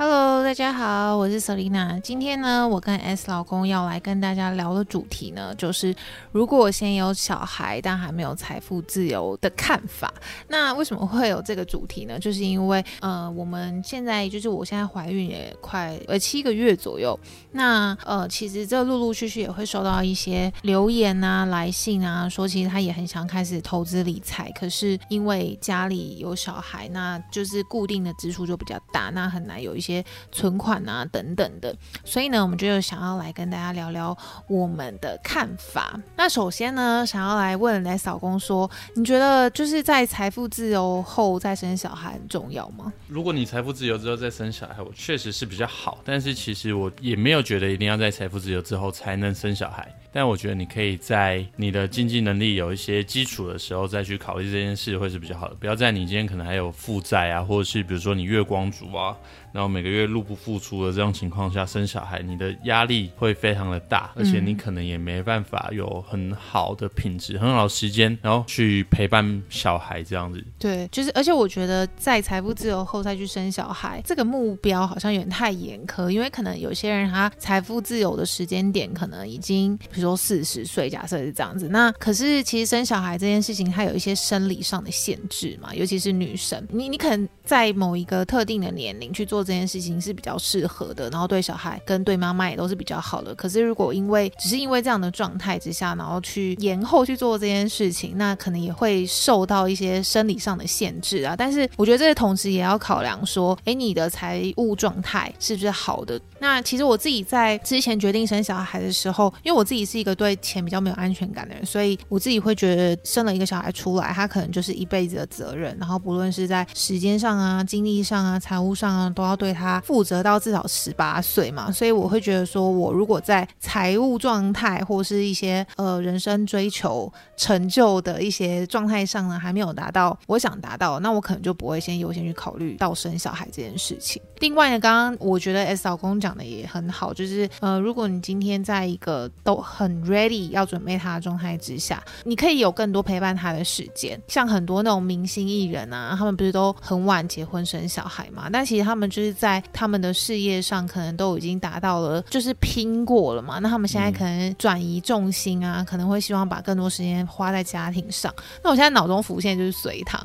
Hello，大家好，我是 Selina。今天呢，我跟 S 老公要來跟大家聊的主題呢，就是如果我先有小孩但還沒有財富自由的看法。那為什麼會有這個主題呢？就是因為呃，我們現在就是我現在懷孕也快呃七個月左右。那呃，其實這陸陸續續也會收到一些留言啊、來信啊，說其實他也很想開始投資理財，可是因為家裡有小孩，那就是固定的支出就比較大，那很難有一些。些存款啊等等的，所以呢，我們就想要來跟大家聊聊我們的看法。那首先呢，想要來問來老公說，你覺得就是在財富自由後再生小孩很重要嗎？如果你財富自由之後再生小孩，我確實是比較好。但是其實我也沒有覺得一定要在財富自由之後才能生小孩。但我覺得你可以在你的經濟能力有一些基礎的時候再去考慮這件事，會是比較好的。不要在你今天可能還有負債啊，或者是比如說你月光族啊，那我們。每個月入不敷出的這樣情況下生小孩，你的壓力會非常的大，而且你可能也沒辦法有很好的品質、嗯、很好的時間，然後去陪伴小孩這樣子。對，就是，而且我覺得在財富自由後再去生小孩，這個目標好像有點太嚴苛，因為可能有些人他財富自由的時間點可能已經，比如說四十歲，假設是這樣子。那可是其實生小孩這件事情，它有一些生理上的限制嘛，尤其是女生，你你可能在某一個特定的年齡去做這件事。事情是比較適合的，然後對小孩跟對媽媽也都是比較好的。可是如果因為只是因為這樣的狀態之下，然後去延後去做這件事情，那可能也會受到一些生理上的限制啊。但是我覺得這個同時也要考量說，欸，你的財務狀態是不是好的？那其實我自己在之前決定生小孩的時候，因為我自己是一個對錢比較沒有安全感的人，所以我自己會覺得生了一個小孩出來，他可能就是一輩子的責任，然後不論是在時間上啊、精力上啊、財務上啊，都要對他負責到至少十八歲嘛。所以我會覺得說，我如果在財務狀態或是一些呃人生追求成就的一些狀態上呢，還沒有達到我想達到，那我可能就不會先優先去考慮到生小孩這件事情。另外呢，剛剛我覺得 S 老公講。講的也很好，就是呃，如果你今天在一個都很 ready 要準備他的狀態之下，你可以有更多陪伴他的時間。像很多那種明星藝人啊，他們不是都很晚結婚生小孩嘛？但其實他們就是在他們的事業上可能都已經達到了，就是拼過了嘛。那他們現在可能轉移重心啊，嗯、可能會希望把更多時間花在家庭上。那我現在腦中浮現就是隋棠。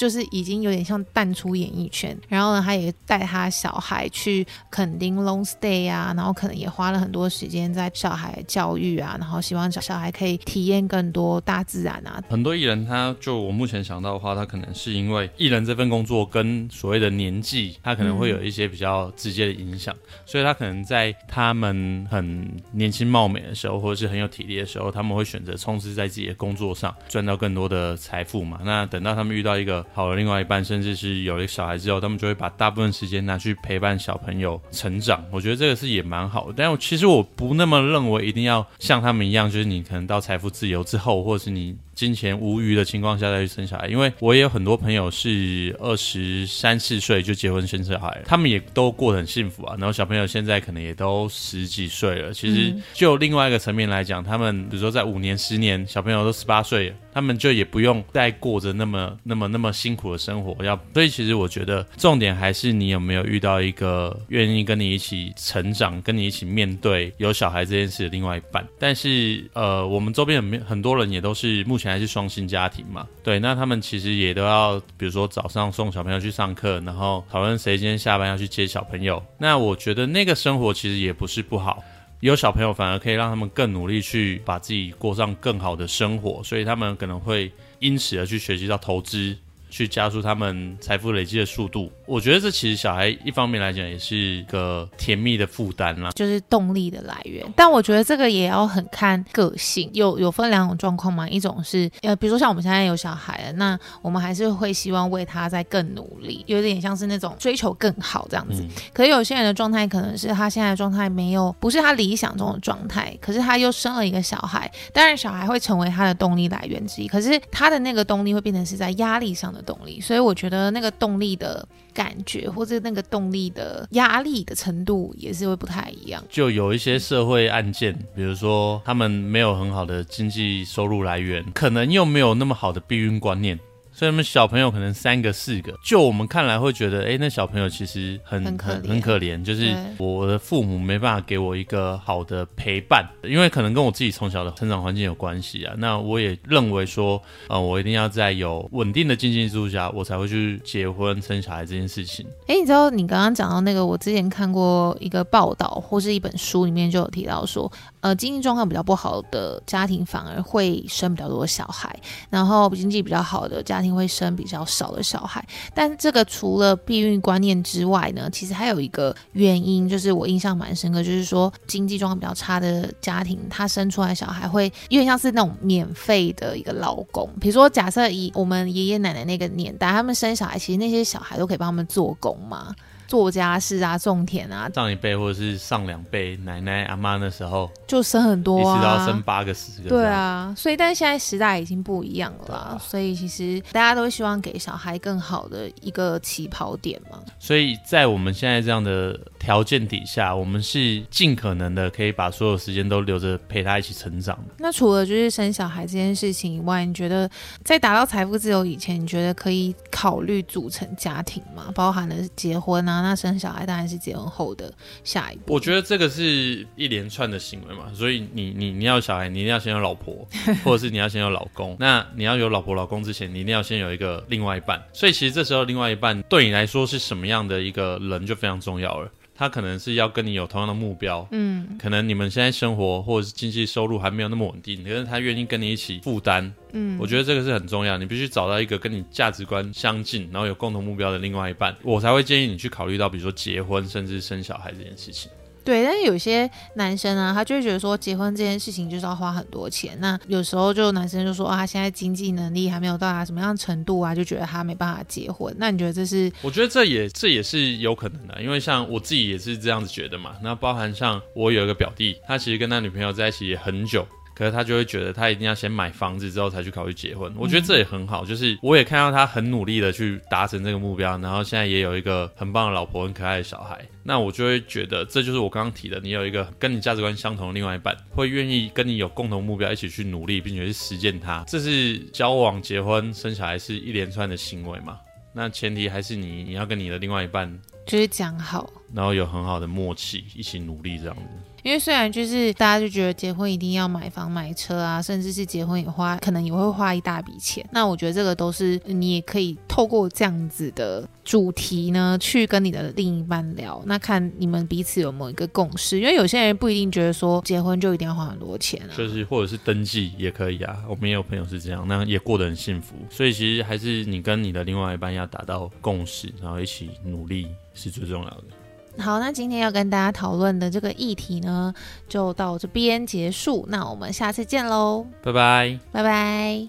就是已經有點像淡出演藝圈，然後呢，他也帶他小孩去墾丁 long stay 啊，然後可能也花了很多時間在小孩教育啊，然後希望小小孩可以體驗更多大自然啊。很多藝人，他就我目前想到的話，他可能是因為藝人這份工作跟所謂的年紀，他可能會有一些比較直接的影響，嗯、所以他可能在他們很年輕貌美的時候，或者是很有體力的時候，他們會選擇衝刺在自己的工作上，賺到更多的財富嘛。那等到他們遇到一個好了，另外一半甚至是有了小孩之後，他們就會把大部分時間拿去陪伴小朋友成長。我覺得這個是也蠻好的，但我，其實我不那麼認為一定要像他們一樣，就是你可能到財富自由之後，或者是你。金錢無餘的情況下再去生小孩，因為我也有很多朋友是二十三四歲就結婚生小孩，他們也都過得很幸福啊。然後小朋友現在可能也都十幾歲了。其實就另外一個層面來講，他們比如說在五年、十年，小朋友都十八歲了，他們就也不用再過着那麼、那麼、那麼辛苦的生活。要所以，其實我覺得重點還是你有沒有遇到一個願意跟你一起成長、跟你一起面對有小孩這件事的另外一半。但是呃，我們周邊有很多人也都是目前。還是雙薪家庭嘛，對，那他們其實也都要，比如說早上送小朋友去上課，然後討論誰今天下班要去接小朋友。那我覺得那個生活其實也不是不好，有小朋友反而可以讓他們更努力去把自己過上更好的生活，所以他們可能會因此而去學習到投資，去加速他們財富累積的速度，我覺得這其實小孩一方面來講也是一個甜蜜的負擔啦，就是動力的來源。但我覺得這個也要很看個性，有有分兩種狀況嘛。一種是呃，比如說像我們現在有小孩了，那我們還是會希望為他再更努力，有點像是那種追求更好這樣子。嗯、可是有些人的狀態可能是他現在的狀態沒有，不是他理想中的狀態，可是他又生了一個小孩，當然小孩會成為他的動力來源之一，可是他的那個動力會變成是在壓力上的動力，所以我覺得那個動力的感覺，或者那個動力的壓力的程度，也是會不太一樣。就有一些社會案件，比如說他們沒有很好的經濟收入來源，可能又沒有那麼好的避孕觀念。所以，我們小朋友可能三個四個，就我們看來會覺得，哎、欸，那小朋友其實很很很可憐，就是我的父母沒辦法給我一個好的陪伴，因為可能跟我自己從小的成長環境有關係啊。那我也認為說，嗯、呃，我一定要在有穩定的經濟基礎下，我才會去結婚、生小孩這件事情。哎、欸，你知道你剛剛講到那個，我之前看過一個報道或是一本書裡面就有提到說。呃，經濟狀況比較不好的家庭反而會生比較多的小孩，然後經濟比較好的家庭會生比較少的小孩。但這個除了避孕觀念之外呢，其實還有一個原因，就是我印象蠻深刻，就是說經濟狀況比較差的家庭，他生出來的小孩會有點像是那種免費的一個勞工。比如說，假設以我們爺爺奶奶那個年代，他們生小孩，其實那些小孩都可以幫他們做工嘛。做家事啊，種田啊，上一輩或者是上兩輩，奶奶阿媽那時候就生很多啊，一直到要生八個十個。對啊，對啊，所以但是現在時代已經不一樣了啦，啊，所以其實大家都希望給小孩更好的一個起跑點嘛。所以在我們現在這樣的條件底下，我們是盡可能的可以把所有時間都留着陪他一起成長。那除了就是生小孩這件事情以外，你覺得在達到財富自由以前，你覺得可以考慮組成家庭嗎？包含了結婚啊。啊，那生小孩當然是結婚後的下一步。我覺得這個是一連串的行為嘛，所以你你你要有小孩，你一定要先有老婆，或者是你要先有老公。 那你要有老婆老公之前，你一定要先有一個另外一半。所以其實這時候另外一半對你來說是什麼樣的一個人，就非常重要了。他可能是要跟你有同樣的目標，嗯，可能你們現在生活或者是經濟收入還沒有那麼穩定，可是他願意跟你一起負擔，嗯，我覺得這個是很重要，你必須找到一個跟你價值觀相近，然後有共同目標的另外一半，我才會建議你去考慮到，比如說結婚甚至生小孩這件事情。對，但是有些男生啊，他就會覺得說，結婚這件事情就是要花很多錢。那有時候就男生就說啊，哦，現在經濟能力還沒有到達什麼樣程度啊，就覺得他沒辦法結婚。那你覺得這是？我覺得這也這也是有可能的，因為像我自己也是這樣子覺得嘛。那包含像我有一個表弟，他其實跟他女朋友在一起也很久。可是他就會覺得他一定要先買房子之後才去考慮結婚。我覺得這也很好，就是我也看到他很努力的去達成這個目標，然後現在也有一個很棒的老婆、很可愛的小孩。那我就會覺得這就是我剛剛提的，你有一個跟你價值觀相同的另外一半，會願意跟你有共同目標一起去努力，並且去實踐它。這是交往、結婚、生小孩是一連串的行為嘛。那前提還是你你要跟你的另外一半就是講好，然後有很好的默契，一起努力這樣子。因為雖然就是大家就覺得結婚一定要買房買車啊，甚至是結婚也花，可能也會花一大筆錢。那我覺得這個都是你也可以透過這樣子的主題呢，去跟你的另一半聊，那看你們彼此有沒有一個共識。因為有些人不一定覺得說結婚就一定要花很多錢啊，就是或者是登記也可以啊。我們也有朋友是這樣，那也過得很幸福。所以其實還是你跟你的另外一半要達到共識，然後一起努力是最重要的。好，那今天要跟大家討論的這個議題呢，就到這邊結束。那我們下次見嘍，拜拜，拜拜。